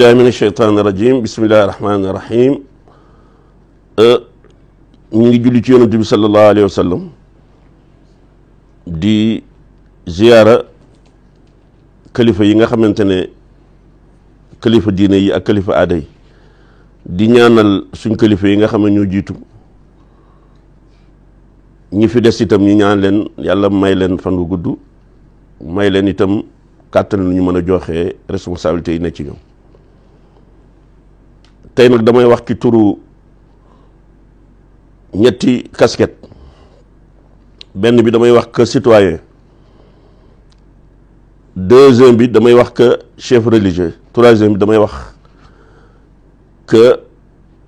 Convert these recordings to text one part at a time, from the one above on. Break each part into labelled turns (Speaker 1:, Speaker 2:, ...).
Speaker 1: billahi min asheytaani rajim bismillahi rahmaani rahim ñu ngi julli ci yonent bi sallallahu alayhi wa di ziyaara kalifa yi nga xamante ne kalifa diine yi ak kalifa aada yi di ñaanal suñ kalifa yi nga xam ne ñoo jiitu ñi fi des itam ñu ñaan leen yàlla may leen fan gu gudd may leen itam kàttan lu ñu mën a joxe responsabilité yi nekk ci ñoom tey nag damay wax ci turu ñetti kasket benn bi damay wax que citoyen deuxième bi damay wax que chef religieux troisième bi damay wax que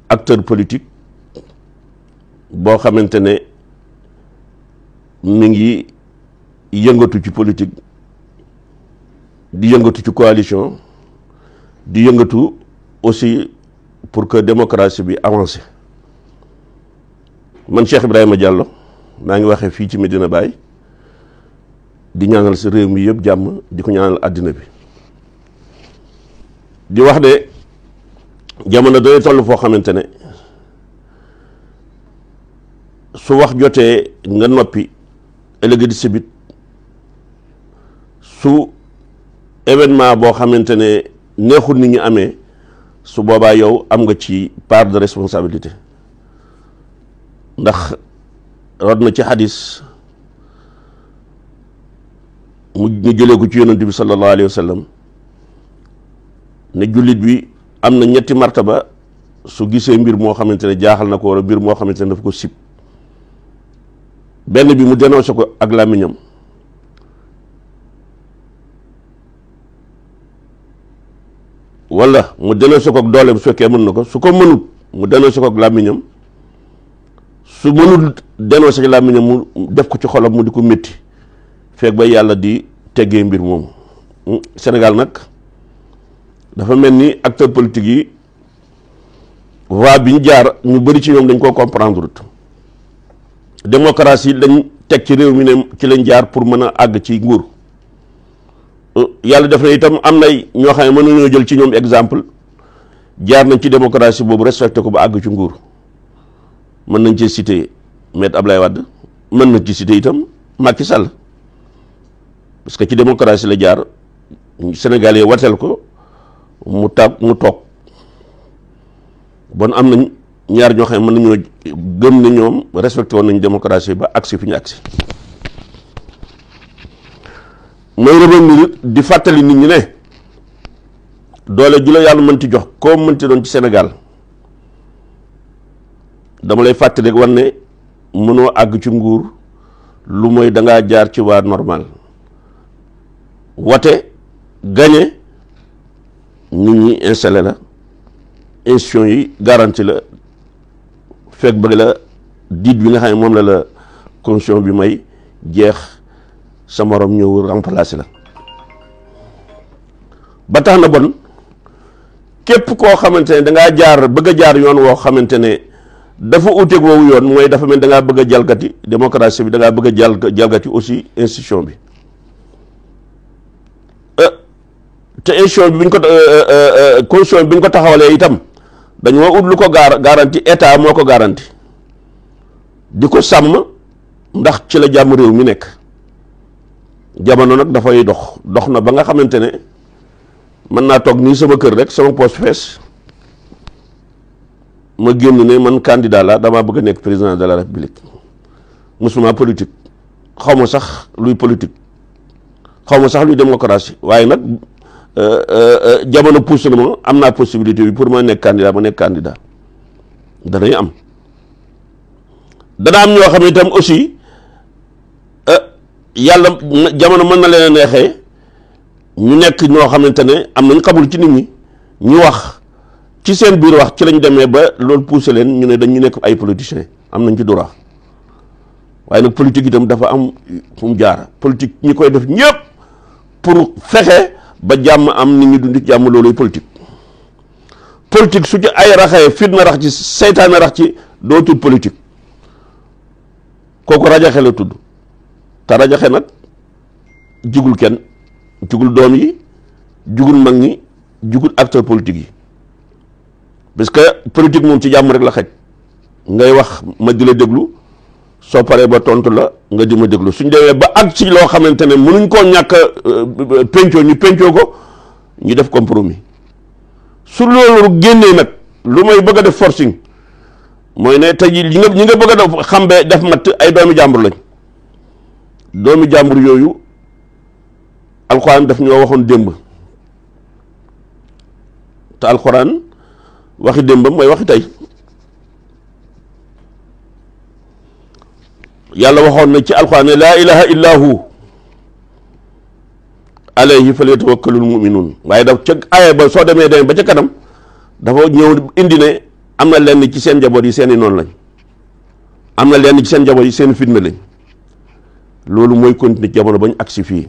Speaker 1: acteur politique boo xamante ne mi ngi yëngatu ci politique di yëngatu ci coalition di yëngatu aussi pour que démocratie bi avancé man Cheikh Ibrahima Diallo maa ngi waxee fii ci Medina Baye di ñaanal sa réew mi yëpp jàmm di ko ñaanal àddina bi di wax ne jamono day toll foo xamante ne su wax jotee nga noppi ëllëg di su événement boo xamante ne neexul nit ñi amee su boobaa yow am nga ci part de responsabilité ndax rod na ci xadis mu ñu jëlee ko ci yonent bi sallallahu alayhi wa ne jullit bi am na ñetti ba su gisee mbir moo xamante ne jaaxal na ko wala mbir moo xamante ne daf ko sib benn bi mu dénoncé ko ak làmmiñam wala mu delloosi ko ak doole bu fekkee mën na ko su ko mënut mu delloosi ko ak làmmiñam su mënul delloosi ko mu def ko ci xolam mu di ko métti feeg ba yàlla di teggee mbir moomu hmm, Sénégal nag dafa mel ni acteur politique yi voie bi ñu jaar ñu bëri ci ñoom dañ koo comprendre démocratie lañ teg ci réew mi ne ci lañ jaar pour mën a àgg ci nguur yàlla def na itam am na ñoo xam ne mën nañoo jël ci ñoom exemple jaar nañ ci démocratie boobu respecté ko ba àgg ci nguur mën nañ ci cité ab lay wàdd mën nañ ci cité itam Macky Sall parce que ci démocratie la jaar Sénégal yi wateel ko mu tàgg mu toog bon am nañ ñaar ñoo xam ne mën nañoo gëm ne ñoom respecté woon nañ démocratie ba agsi fi ñu agsi mooy revenir di fàttali nit ñi ne doole ju la yàlla mënti jox koo mënti doon ci senegal dama lay fàttali rek war ne mënoo àgg ci nguur lu mooy dangaa jaar ci waa normal wate gañe nit ñi installé la institution yi garanti la fekk bëgg la diit bi nga xam ne moom la la constitution bi may jeex sa moroom ñëw remplacer la ba tax na bon képp koo xamante ne dangaa jaar bëgg a jaar yoon woo xamante ne dafa uteeg woowu yoon mooy dafa mel dangaa bëgg a jalgati démocratie bi dangaa bëgg a jal jalgati aussi institution bi euh, te institution bi bi ñu ko euh, euh, constitution bi ñu ko taxawalee itam dañoo ut lu ko gaar garanti état moo ko garanti di ko sàmm ndax ci la jàmm réew mi nekk jamono nag dafay dox dox na ba nga xamante ne mën naa toog nii sama kër rek sama poche fees ma génn ne man candidat la damaa bëgg a nekk président de la république musuma politique xaw ma sax luy politique xaw ma sax luy démocratie waaye nag euh, euh, euh, jamono pousse na ma am naa possibilité bi pour ma nekk candidat ma nekk candidat danay am dana am ñoo xam itam aussi yàlla jamono mën na leen a neexee ñu nekk ñoo xamante ne am nañ xabul ci nit ñi ñu wax ci seen biir wax ci lañ demee ba loolu poussé leen ñu ne dañu nekk ay politiciens am nañ ci droit waaye nag politique itam dafa am fu mu jaar politique ñi koy def ñëpp pour fexe ba jàmm am nit ñi dundi jàmm looluy politique politique su ci ay raxee fitna rax ci seytaane rax ci doo tudd politique kooku rajaxe la tudd tarajaxe nag jugul kenn jugul doom yi jugul mag ñi jugul acteur politique yi parce que politique moom ci jàmm rek la xaj ngay wax ma di la déglu soo paree ba tontu la nga di ma déglu suñ demee ba ak ci loo xamante ne mënuñ koo ñàkk a euh, euh, ñu pencoo ko ñu def compromis su loolu génnee nag lu may bëgg a def forcing mooy ne tey jii ñi nga ñi nga bëgg a def xam be def matt ay doomi jàmbur lañ doomi jàmbur yooyu alxuraan daf ñoo waxoon démb te alxuraan waxi démbam mooy waxi tey yàlla waxoon na ci alxuraan ne laa ilaha illa hu alayhi falyatawakkalul mu'minun waaye daf ca aaya ba soo demee demee ba ca kanam dafa ñëw indi am na lenn ci seen njaboot yi seen i noonu lañ am na lenn ci seen njaboot yi seen fitna lañ loolu mooy continuer jamono bañ agsi fii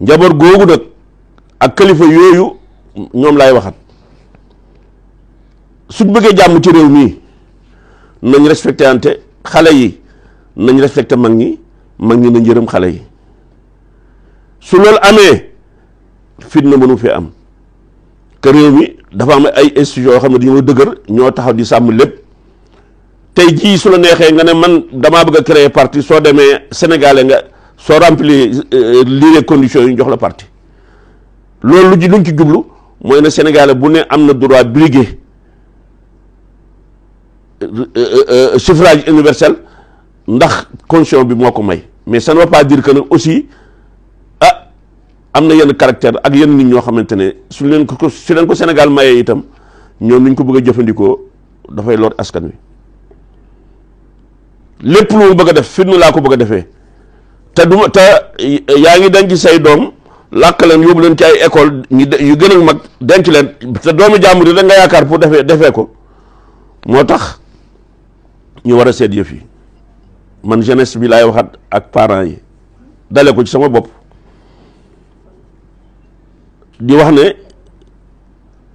Speaker 1: njaboot googu nag ak kalifa yooyu ñoom laay waxat su bëggee jàmm ci réew mii nañ respecté xale yi nañ respecté mag ñi mag ñi nañ yërëm xale yi su loolu amee fitna mënu fi am que réew mi dafa am ay institutions yoo xam ne dañoo dëgër ñoo taxaw di sàmm lépp tey jii su la neexee nga ne man damaa bëgg a créer parti soo demee sénégalais nga soo remplir euh, lii les conditions yi ñu jox la parti loolu lu luñ ci jublu mooy ne sénégalais bu ne am na droit briguer euh, euh, suffrage universel ndax constitution bi moo ko may mais ça ne veut pas dire que nag aussi ah am na yenn caractère ak yenn nit ñoo xamante ne su leen ko su leen ko Sénégal mayee itam ñoom ni ko bëgg a jëfandikoo dafay lor askan wi. lépp lu mu bëgg a def firnu laa ko bëgg a defee te du ma te eh, yaa ngi denc say doom làkk leen yóbbu leen ci ay école yu gën a mag denc leen te doomi jàmbur yi da nga yaakaar pour defee defee ko moo tax ñu war a seet yëf yi man jeunesse bi laay waxaat ak parent yi dale ko ci sama bopp di wax ne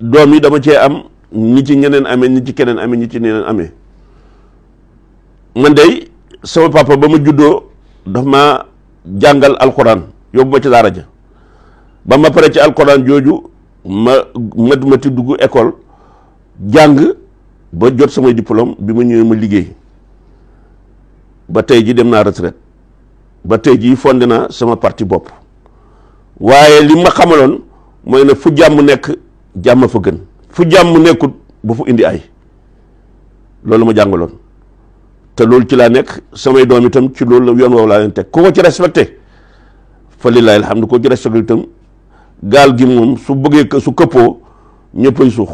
Speaker 1: doom yi dama cee am ni ci ñeneen amee ni ci keneen amee ni ci ñeneen amee man dey sama papa ba ma juddoo daf ma jàngal alxuraan yóbbu ma ci laa ja ba ma pare ci alxuraan jooju ma mathématique dugg école jàng ba jot samay diplôme bi ma ñëwee ma liggéey ba tey ji dem naa retraite ba tey ji fonde naa sama parti bopp waaye li ma xamaloon mooy ne fu jàmm nekk jàmm fa gën fu jàmm nekkut ba fu indi ay loolu ma jàngaloon te loolu ci laa nekk samay doom itam ci loolu la yoon woowu laa leen teg ku ci respecté fa lillahi koo ko ci respecté tam gaal gi moom su bëggee su këppoo ñëppay suux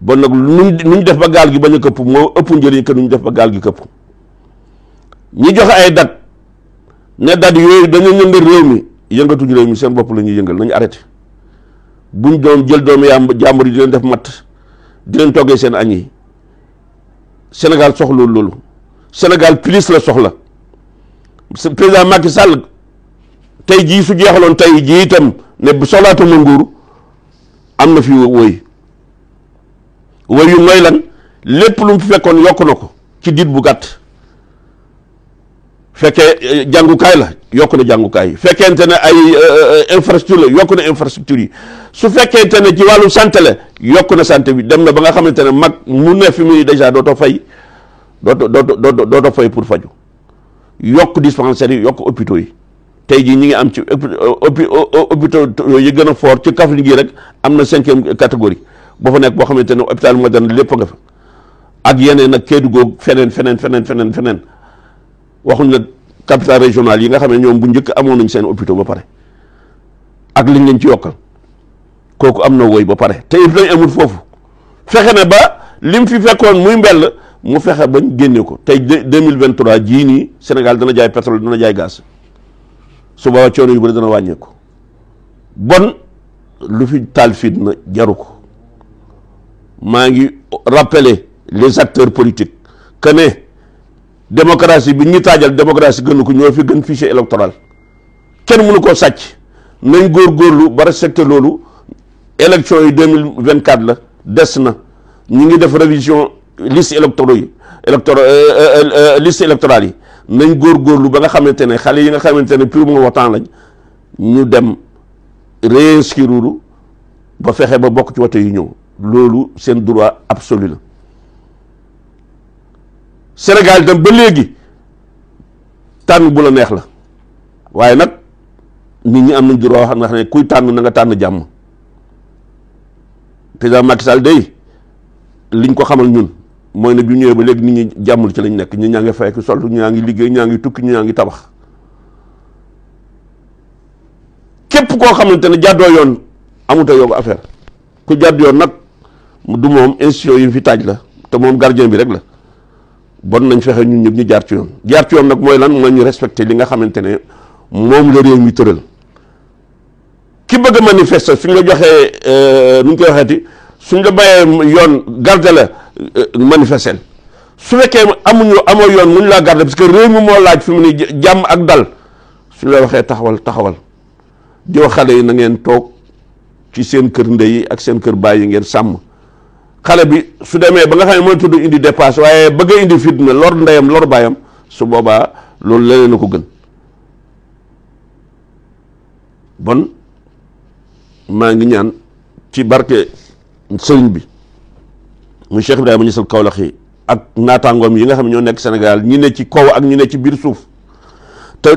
Speaker 1: ba nag nuñ nuñ def ba gaal gi bañ a këpp moo ëpp njëriñ que nuñ def ba gaal gi këpp ñi joxe ay dat ne dat yooyu dañu yëngal réew mi seen bopp la ñuy yëngal nañu arrêté buñ doom jël doomu yàmb jàmbur yi di leen def matt di leen toggee seen añ yi Sénégal soxla loolu Sénégal plus la soxla président Macky Sall tey jii su jeexaloon tey jii itam ne bu soxlaatuma nguur am na fi woy woy yu mooy lan lépp lu mu fekkoon yokk na ko ci diit bu gàtt fekkee eh, jàngukaay la yokk na jàngukaay yi fekkente ne ay eh, eh, infrastructure la yokk na infrastructure yi su fekkente ne ci wàllu santé la yokk na sante bi dem na ba nga xamante ne mag mu ne fi muy dèjà dootoo fay dootoo dootoo dootoo fay pour faju yokk dispensaires yi yokk hôpitaux yi tey jii ñi ngi am ci hôpitaux yi gën a fort ci Kaffrine gi rek am na cinquième catégorie boo fa nekk boo xamante ne hôpital moderne lépp nga fa ak yeneen ak Kédougou feneen feneen feneen feneen feneen waxuñ la capital régional yi nga xam ne ñoom bu njëkk amoon nañ seen hôpitaux ba pare ak liñ lañ ci yokkal kooku am na woy ba pare te it lañ amul foofu fexe na ba lim fi fekkoon muy mbell mu fexe bañ génne ko tey deux mille vingt trois jii nii Sénégal dana jaay pétrole dana jaay gaz su boobaa coono yu bëri dana wàññeeku bon lu fi taal na jaru ko maa ngi rappeler les acteurs politiques que démocratie bi ñu taajal démocratie gënu ko ñoo fi gën fichier électoral kenn mënu koo sàcc nañ góorgóorlu ba respecté loolu élection yi 2024 la des na ñu ngi def révision liste électoraux yi élector euh, euh, euh, liste électorale yi nañ góorgóorlu ba nga xamante ne xale yi nga xamante ne primo votant lañ ñu dem réinscrire ba fexe ba bokk ci wote yu ñëw loolu seen droit absolu la Sénégal itam ba léegi tànn bu la neex la waaye nag nit ñi am nañ droit xam ne xam ne kuy tànn na tànn jàmm président Macky Sall day liñ ko xamal ñun mooy ne bu ñëwee ba léegi nit ñi jàmmul ci lañu nekk ñi ñaa ngi fay ak sol ñaa ngi liggéey ñaa ngi tukki ñaa ngi tabax képp koo xamante ne jàddoo yoon amuta yow affaire ku jàdd yoon nag du moom institution yi fi taaj la te moom gardien bi rek la bon nañ fexe ñu ñëpp ñu jaar ci yoon jaar ci nag mooy lan mooy ñu respecté li nga xamante ne moom la réew mi tëral ki bëgg a manifester suñ la joxee euh, nu ñu koy waxeeti suñ la bàyyee yoon garde la euh, manifester su fekkee amuñu amoo yoon muñ laa garde parce que réew mi moo laaj fi mu ni jàmm ak dal suñ la waxee taxawal taxawal di wax yi na ngeen toog ci seen kër ndey ak seen kër baay yi ngeen sàmm. xale bi su demee ba nga xam ne mooy tudd indi dépasse waaye bëgg a indi fitna lor ndeyam lor baayam su boobaa loolu leneen a ko gën bon maa ngi ñaan ci barke sëriñ bi muy Cheikh Ibrahima Niass Kaolack ak naataangoom yi nga xam ne ñoo nekk Sénégal ñi ne ci kaw ak ñu ne ci biir suuf te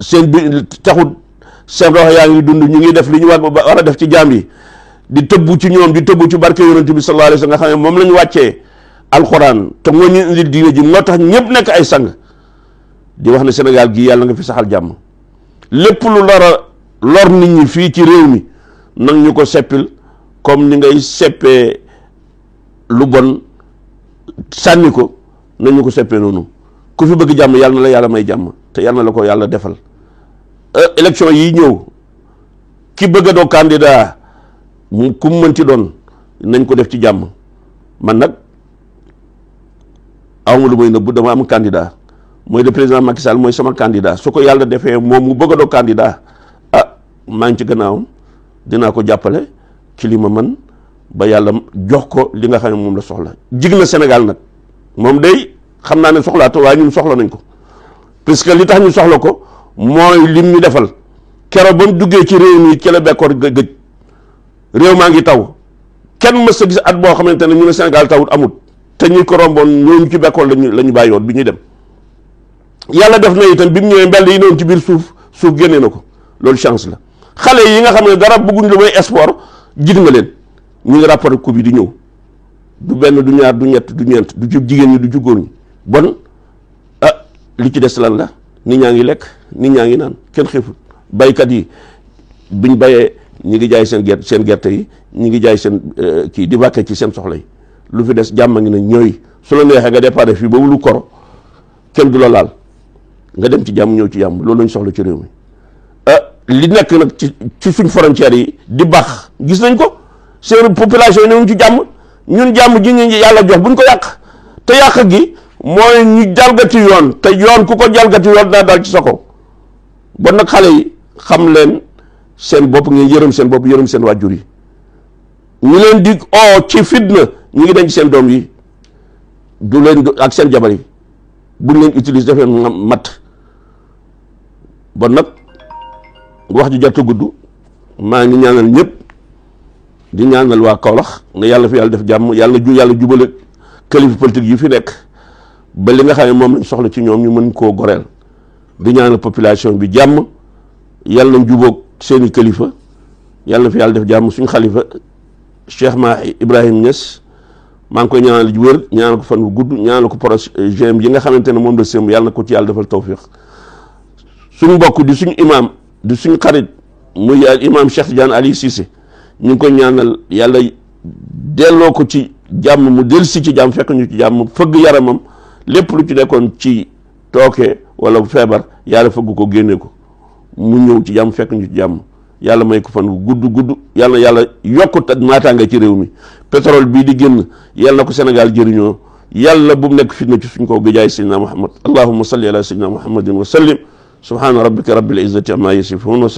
Speaker 1: seen biir taxut seen rox yaa ngi dund ñu ngi def li ñu war war a def ci jaam yi di tëbbu ci ñoom di tëbbu ci barke yonent bi sallallahu alayhi wa sallam nga xam ne moom la ñu wàccee alxuraan te moo ñu indil diine ji moo tax ñëpp nekk ay sang di wax ne senegal gii yàlla nga fi saxal jàmm lépp lu lor a lor nit ñi fii ci réew mi nag ñu ko seppil comme ni ngay seppee lu bon sànni ko nag ñu ko seppee noonu ku fi bëgg jàmm yàlla na la yàlla may jàmm te yàlla na la ko yàlla defal euh, élection yi ñëw ki bëgg doo candidat mu kum mën ci doon nañ ko def ci jàmm man nag awma lu may nëbbu dama am candidat mooy de président Macky mooy sama candidat su ko yàlla defee moom mu bëgg doo candidat ah maa ngi ci gannaawam dinaa ko jàppale ci li ma mën ba yàlla jox ko li nga xam ne moom la soxla jig na Sénégal nag moom day xam naa ne soxlaata waaye ñun soxla nañ ko parce que li tax ñu soxla ko mooy lim ñu defal keroog ba mu duggee ci réew mi ci la bekkoor gëj réew maa ngi taw kenn mës a gis at boo xamante ne ñu ne Sénégal tawut amut te ñi ko romboon ñooñu ci bekkoon lañu la ñu bàyyoon bi ñu dem yàlla def na itam bi mu ñëwee mbel yi noonu ci biir suuf suuf génnee na ko loolu chance la xale yi nga xam ne dara bëgguñ lu may sport jiit nga leen ñu ngi rapport coupe yi di ñëw du benn du ñaar du ñett du ñeent du jub jigéen ñi du jugóor ñi bon a ah, li ci des lan la nit ñaa ngi lekk nit ñaa ngi naan kenn xiiful baykat yi biñ bayee ñi ngi jaay seen gerte seen gerte yi ñi ngi jaay seen euh, kii di wàcce ci seen soxla yi lu fi des jàmm ngi ne ñooy su la neexee nga déparé fii ba wulu koro kenn du la laal nga dem ci jàmm ñëw ci jàmm loolu lañ soxla ci réew euh, li nekk nag ci ci suñ frontières yi di baax gis nañ ko seen population yi newuñ ci jàmm ñun jàmm ji ñu yàlla jox buñ ko yàq te yàq gi mooy ñu jalgati yoon te yoon ku ko jalgati yoon naa dal ci sa kaw nag xale yi xam leen seen bopp nga yërëm seen bopp yërëm seen wàjjur yi ñu leen di oo ci fitna ñu ngi denc seen doom yi du leen ak seen jabar yi buñ leen utilise def leen mat bon nag wax ju jot a gudd maa ngi ñaanal ñëpp di ñaanal waa Kaolack nga yàlla fi yàlla def jàmm yàlla ju yàlla jubale kilifa politique yi fi nekk ba li nga xam ne moom lañ soxla ci ñoom ñu mën koo goreel di ñaanal population bi jàmm yàlla nañ jubóog seeni kilifa yàlla fi yàlla def jàmm suñu xalifa Cheikh Mahi Ibrahim Niass maa ngi koy ñaanal wér ñaanal ko fan bu gudd ñaanal ko projet yi eh, nga xamante ne moom la sëmb yàlla na ko ci yàlla defal tawfiq suñu mbokk di suñ imaam di suñ karit muy al imaam Cheikh Tidiane Ali Cissé ñu ngi koy ñaanal yàlla delloo ko ci jàmm mu dellusi ci jàmm fekk ñu ci jàmm fëgg yaramam lépp lu ci nekkoon ci tooke wala feebar yàlla fëgg ko génne ko. mu ñëw ci jàmm fekk ñu ci jàmm yàlla may ko fan wu gudd gudd yàlla yàlla yokkut naataanga ci réew mi pétrole bii di génn yàlla na ko Sénégal jëriñoo yàlla bu mu nekk fitna ci suñ kaw bi jaay sayyidina Muhammad allahumma salli ala sayyidina Muhammadin wa sallim subhana rabbika rabbil izzati alamin